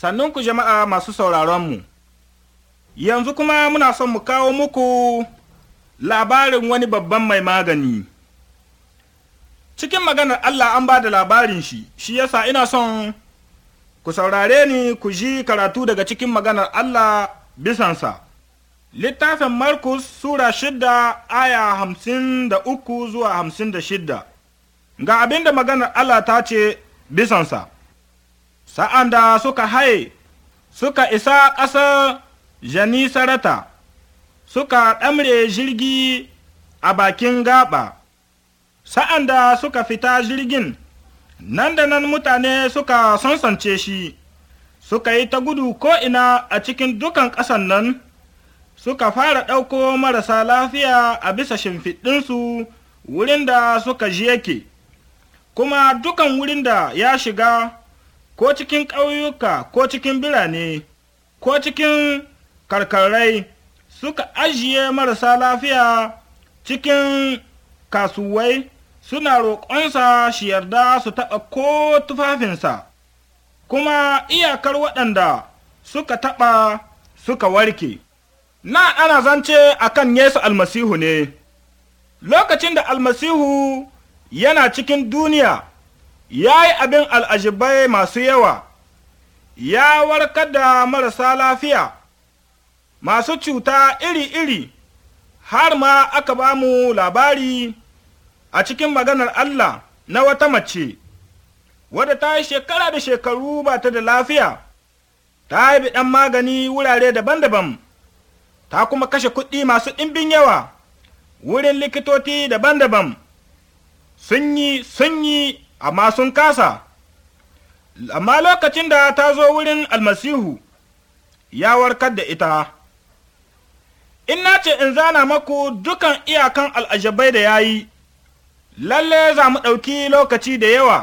Sannunku jama'a masu sauraronmu, yanzu kuma muna son mu kawo muku labarin wani babban mai magani. Cikin maganar Allah an ba da labarin shi, shi yasa ina son ku saurare ni ku ji karatu daga cikin maganar Allah bisansa. Littafin Markus Sura shidda aya hamsin da uku zuwa hamsin da shidda. Ga abin da maganar Allah ta ce bisansa. sa'an da suka haye, suka isa ƙasar sarata suka ɗamre jirgi a bakin gaɓa, sa'an da suka fita jirgin, nan da nan mutane suka sansance shi, suka yi ta gudu ko'ina a cikin dukan ƙasan nan, suka fara ɗauko marasa lafiya a bisa shimfiɗinsu wurin da suka ji yake, kuma dukan wurin da ya shiga. ko cikin ƙauyuka ko cikin birane ko cikin karkarai suka ajiye marasa lafiya cikin kasuwai suna roƙonsa shi yarda su taɓa ko tufafinsa kuma iyakar waɗanda suka taɓa suka warke na ana zance a kan yesu almasihu ne lokacin da almasihu yana cikin duniya ya yi abin al'ajibai masu yawa, ya warkar da marasa lafiya, masu cuta iri-iri, har ma aka ba mu labari a cikin maganar Allah na wata mace, wadda ta yi shekara da shekaru ba ta da lafiya, ta yi ɗan magani wurare daban-daban, ta kuma kashe kuɗi masu ɗimbin yawa wurin likitoti daban-daban, sun yi sun yi amma sun kasa amma lokacin da ta zo wurin almasihu ya warkar da ita in na ce in zana maku dukan iyakan al'ajabai da ya yi lalle za mu ɗauki lokaci da yawa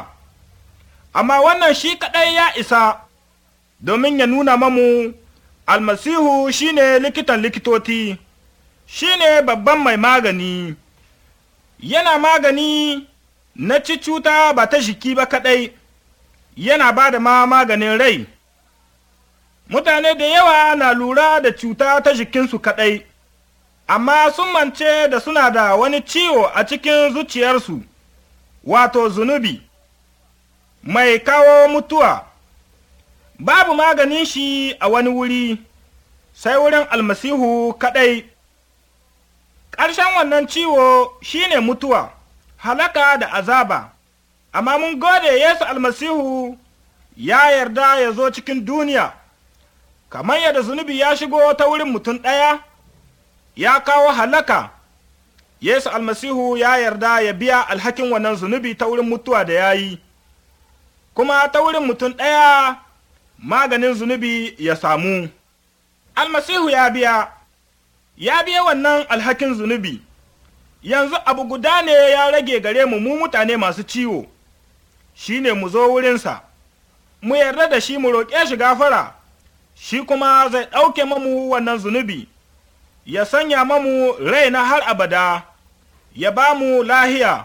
amma wannan shi kaɗai ya isa domin ya nuna mamu almasihu shine likitan likitoti shine babban mai magani yana magani na ci cuta ba ta jiki ba kaɗai yana ba da ma maganin rai mutane da yawa na lura da cuta ta jikinsu kaɗai amma sun mance da suna da wani ciwo a cikin zuciyarsu wato zunubi mai kawo mutuwa babu maganin shi a wani wuri sai wurin almasihu kaɗai ƙarshen wannan ciwo shine mutuwa halaka da azaba amma mun gode Yesu almasihu ya yarda ya zo cikin duniya kamar yadda zunubi ya shigo ta wurin mutum ɗaya ya kawo halaka Yesu almasihu ya yarda ya biya alhakin wannan zunubi ta wurin mutuwa da ya yi kuma ta wurin mutum ɗaya maganin zunubi ya samu almasihu ya biya ya biya wannan alhakin zunubi yanzu abu guda ne ya rage gare mu mu mutane masu ciwo shi ne mu zo wurinsa mu yarda da shi mu roƙe shi gafara shi kuma zai ɗauke mamu wannan zunubi ya sanya mamu na har abada ya ba mu lahiya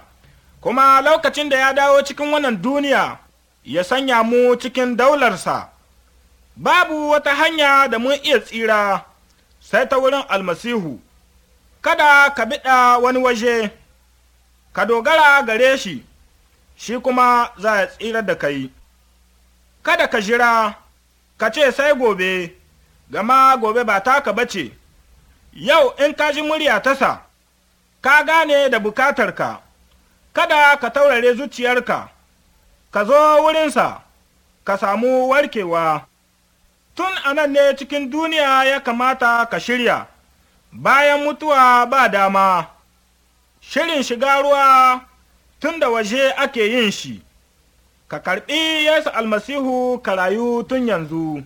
kuma lokacin da ya dawo cikin wannan duniya ya sanya mu cikin daularsa babu wata hanya da mun iya tsira sai ta wurin almasihu kada ka biɗa wani waje, ka dogara gare shi, shi kuma za ya tsira da kai. Kada ka jira, ka ce sai gobe, gama gobe ba taka ba ce, yau in ka ji murya tasa, ka gane da bukatarka, kada ka taurare zuciyarka, ka zo wurinsa, ka samu warkewa. Tun anan ne cikin duniya ya kamata ka shirya. bayan mutuwa ba dama, shirin shiga ruwa tun da waje ake yin shi, ka karɓi Yesu almasihu ka rayu tun yanzu.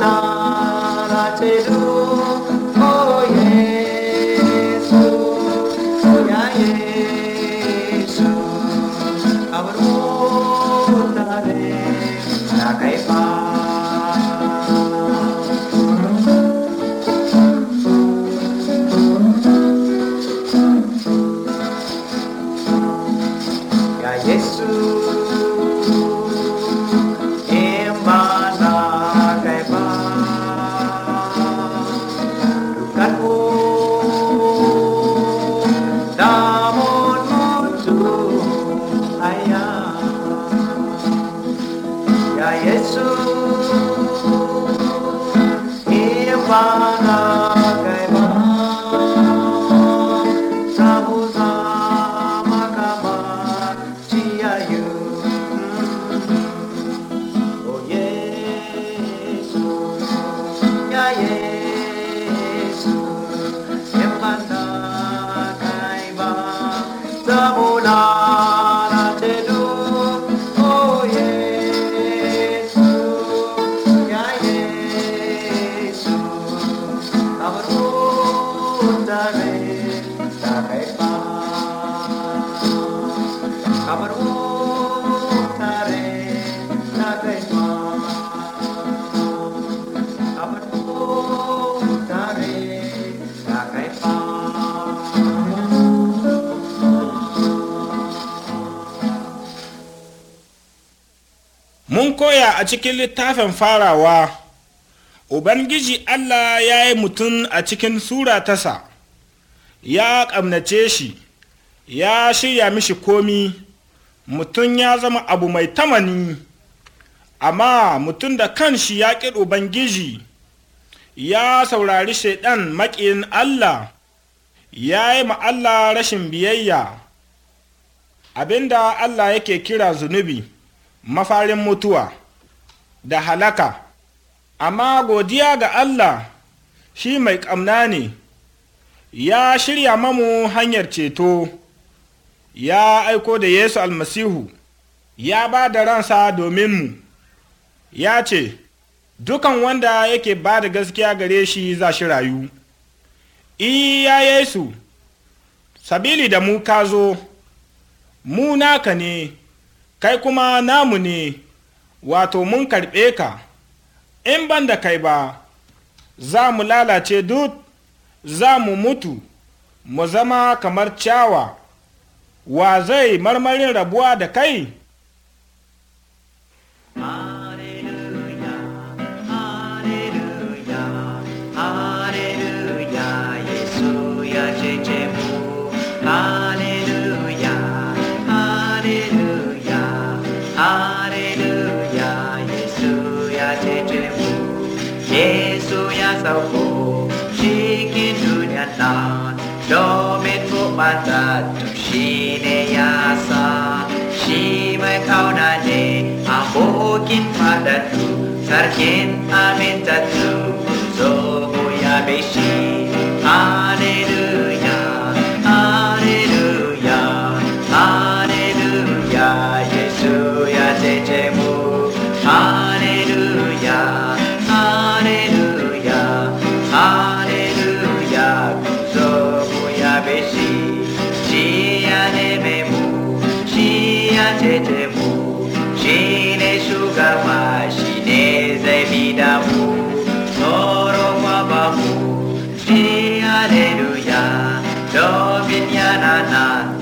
Raghunatha Chedu Krishna mun koya a cikin littafin farawa ubangiji allah ya yi mutum a cikin sura tasa ya ƙamnace shi ya shirya mishi komi mutum ya zama abu mai tamani amma mutum da kanshi ya ƙi ubangiji ya saurari ɗan maƙin allah ya yi ma allah rashin biyayya abinda allah yake kira zunubi mafarin mutuwa da halaka amma godiya ga Allah shi mai ƙamna ne ya shirya mamu hanyar ceto ya aiko da Yesu almasihu ya ba da ransa domin mu ya ce dukan wanda yake ba da gaskiya gare shi za shi rayu iya Yesu sabili da mu ka zo mu naka ne kai kuma namu ne wato mun karɓe ka in ban da kai ba za mu lalace duk za mu mutu mu zama kamar ciyawa wa zai marmarin rabuwa da kai ah. 지킨 누냐나 도민 부마다 둠시네야사 심을 가오나네 아보긴 바다투 사르킨 아멘자투 소고야 베시 na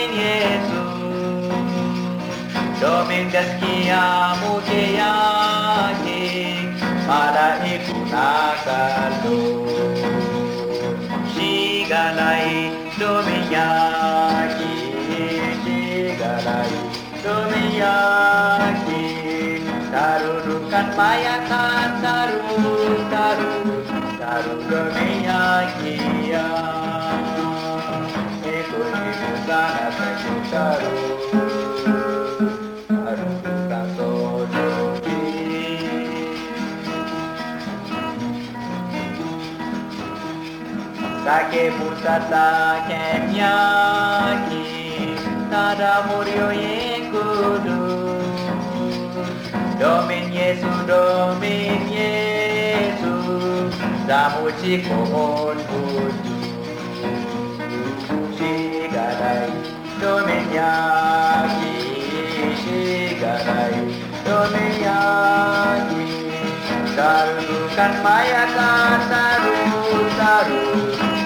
domin gaskiya muke yaki mala'iku na kallo shi galai domin yaki shi galai domin yaki tarurrukan mayakan tarurrukan Sake pusata kemyaki Tada murio yekudu Domin Yesu, Domin Yesu Samuchi kohon kudu Shigarai, Domin yaki Shigarai, Domin yaki Tarukan maya kataru, tarukan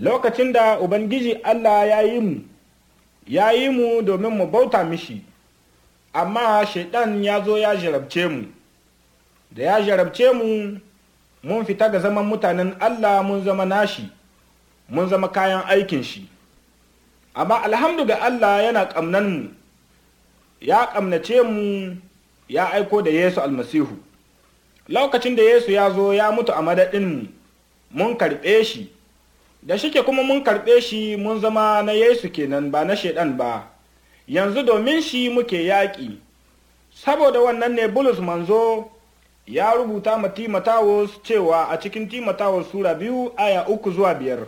lokacin da ubangiji allah ya yi mu ya yi mu domin mu bauta mishi amma shaidan ya zo ya jarabce mu da ya jarabce mu mun fita ga zaman mutanen allah mun zama nashi mun zama kayan aikin shi amma alhamdu ga allah yana ƙamnan mu ya ƙamnace mu ya aiko da yesu almasihu lokacin da yesu ya zo ya mutu a madadin mu mun karɓe shi da shike kuma mun karɓe shi mun zama na Yesu kenan ba na shaidan ba, yanzu domin shi muke yaƙi. Saboda wannan ne Bulus manzo ya rubuta ma Timotawus cewa a cikin Timotawus Sura biyu aya uku zuwa biyar.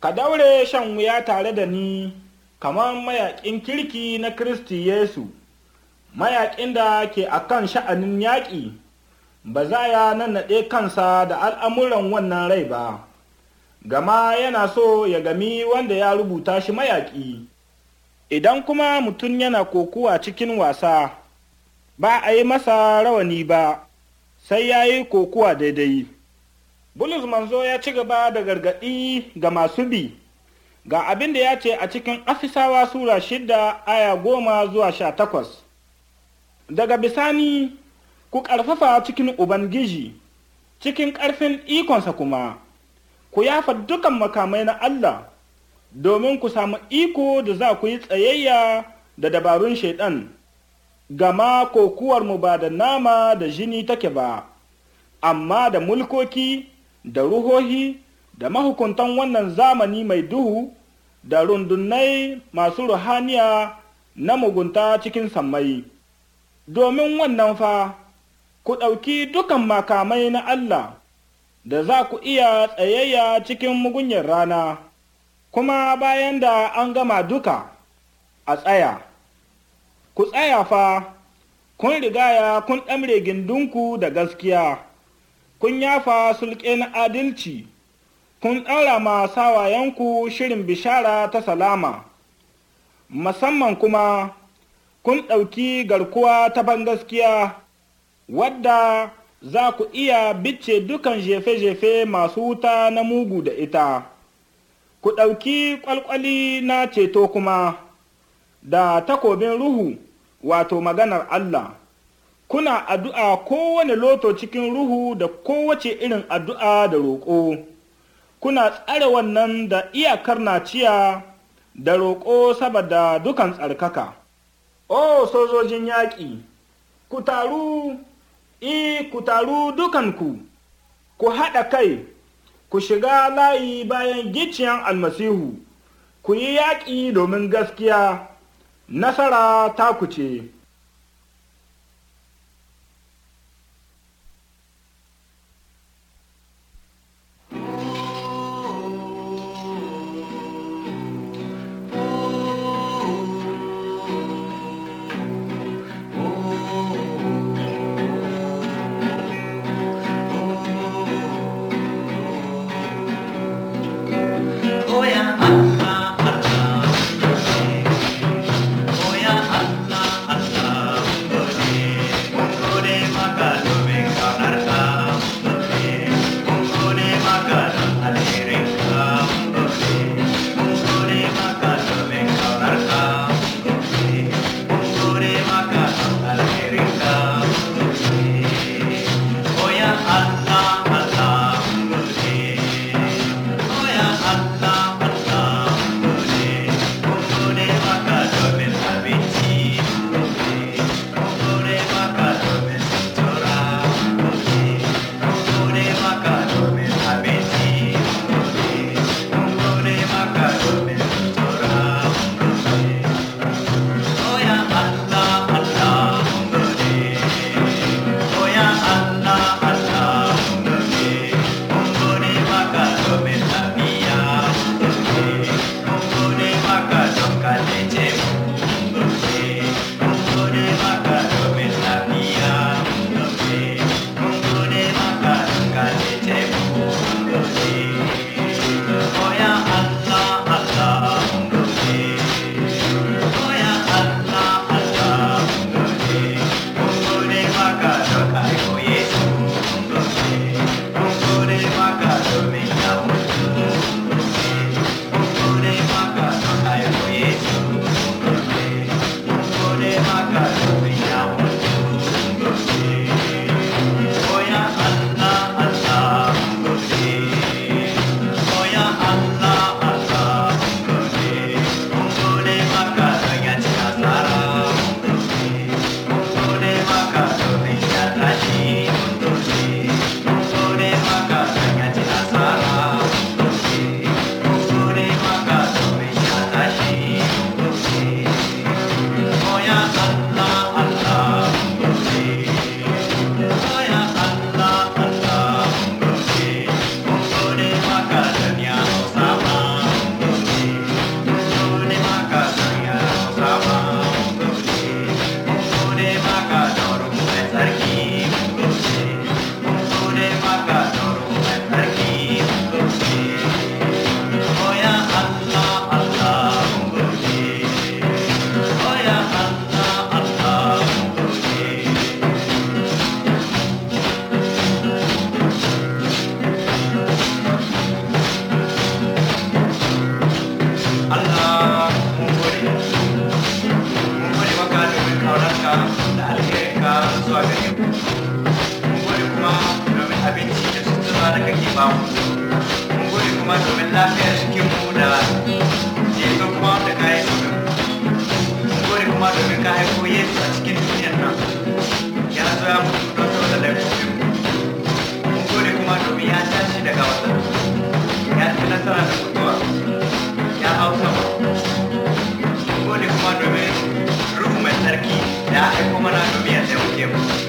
Ka daure shan wuya tare da ni kamar mayaƙin kirki na Kiristi Yesu, mayaƙin da ke akan sha'anin yaƙi, ba za ya nannaɗe kansa da al'amuran wannan rai ba. gama yana so ya gami wanda ya rubuta shi mayaƙi. Idan kuma mutum yana kokuwa cikin wasa, ba a yi masa rawani ba, sai ya yi kokuwa daidai. Bulus manzo ya ci gaba da gargaɗi ga masu bi, ga abin da ya ce a cikin Afisawa Sura shida aya goma zuwa sha takwas. Daga bisani, ku ƙarfafa cikin Ubangiji, cikin ƙarfin ikonsa kuma. ku yafa dukan makamai na Allah domin ku samu iko da za ku yi tsayayya da dabarun shaidan, gama kokuwarmu ba da nama da jini take ba, amma da mulkoki, da ruhohi, da mahukuntan wannan zamani mai duhu, da rundunai masu ruhaniya na mugunta cikin sammai. Domin wannan fa, ku ɗauki dukan makamai na Allah. da za ku iya tsayayya cikin mugunyar rana, kuma bayan da an gama duka a tsaya, ku tsaya fa, kun rigaya kun ɗamre gindunku da gaskiya, kun yafa sulƙe na adalci, kun ɗaura ma sawayenku shirin bishara ta salama, musamman kuma kun ɗauki garkuwa ta ban gaskiya, wadda za ku iya bice dukan jefe-jefe masu wuta na mugu da ita, ku ɗauki ƙwalƙwali na ceto kuma da takobin ruhu wato maganar Allah, kuna addu'a kowane loto cikin ruhu da kowace irin addu'a da roƙo, kuna tsare wannan da iyakar na ciya da roƙo saboda dukan tsarkaka. O sojojin yaƙi, ku taru i ku taru dukanku ku haɗa kai ku shiga layi bayan gicciyan almasihu ku yi yaƙi domin gaskiya nasara ta ku ce cikin duniyar nan ya zo ya mutu don saboda kuma ya daga ya ya kuma mai ya aiko mana domin ya taimake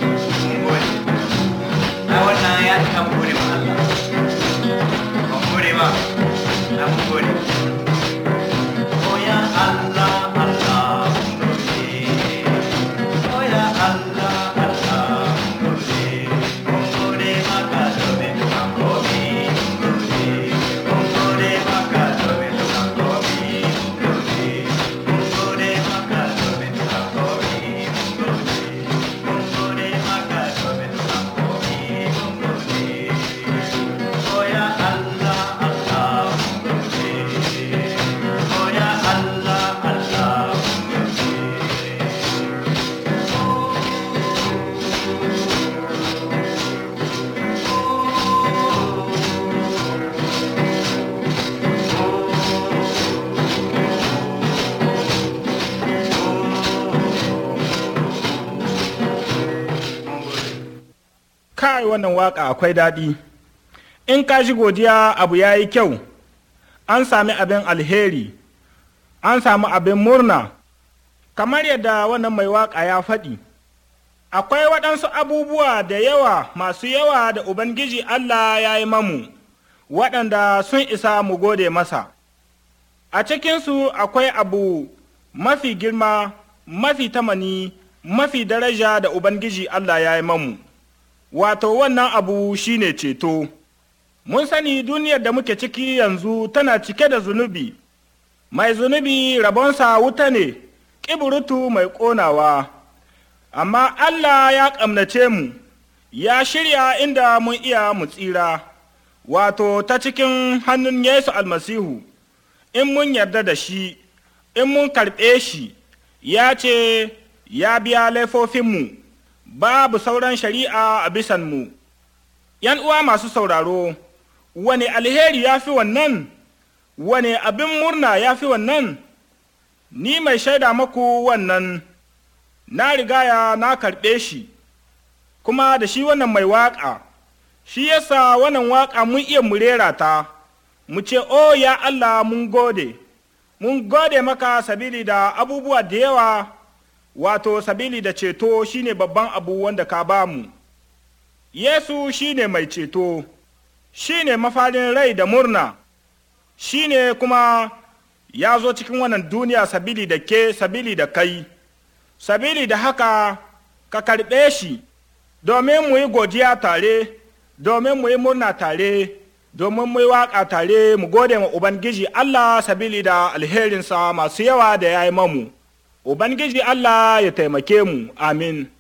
wannan waka akwai daɗi in ka ji godiya abu ya yi kyau an sami abin alheri an sami abin murna kamar yadda wannan mai waka ya faɗi akwai waɗansu abubuwa da yawa masu yawa da ubangiji allah ya yi mamu waɗanda sun isa mu gode masa a cikinsu akwai abu mafi girma mafi tamani mafi daraja da ubangiji allah ya yi mamu wato wannan abu shine ceto. Mun sani duniyar da muke ciki yanzu tana cike da zunubi, mai zunubi rabonsa wuta ne, ƙiburutu mai ƙonawa, amma Allah ya ƙamnace mu, ya shirya inda mun iya mu tsira, wato ta cikin hannun Yesu almasihu, in mun yarda da shi, in mun karɓe shi, ya ce, ya biya laifofinmu. babu sauran shari'a a bisanmu. ’Yan uwa masu sauraro, wane alheri ya fi wannan, wane abin murna ya fi wannan, ni mai shaida maku wannan, na rigaya na karɓe shi, kuma da shi wannan mai waƙa, shi yasa wannan waƙa mun iya murera ta, mu ce, O ya Allah mun gode, mun gode maka sabili da abubuwa da yawa. wato sabili da ceto shine babban abu wanda ka bamu yesu shine mai ceto shine mafarin rai da murna shine kuma ya zo cikin wannan duniya sabili da ke sabili da kai sabili da haka ka karɓe shi domin mu yi godiya tare domin mu yi murna tare domin mu yi waƙa tare mu gode ma ubangiji allah sabili da alherinsa masu yawa da ya yi mamu Ubangiji Allah ya taimake mu, amin.